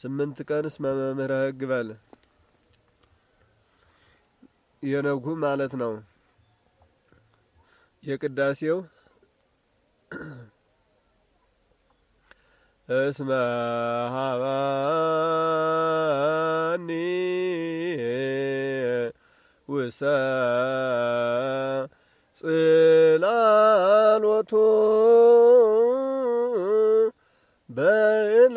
ስምንት ቀንስ መምህረ ሕግ በል። የነጉ ማለት ነው። የቅዳሴው እስመ ሀባኒ ውሰ ጽላሎቱ በእለ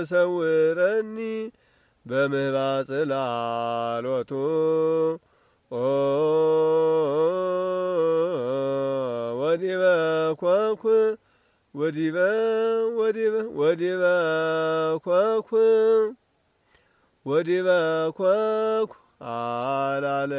ወሰውረኒ በምህባ ጽላሎቱ ኦ ወዲበ ኳኩ ወዲበ ወዲበ ወዲበ ኳኩ ወዲበ ኳኩ አላለ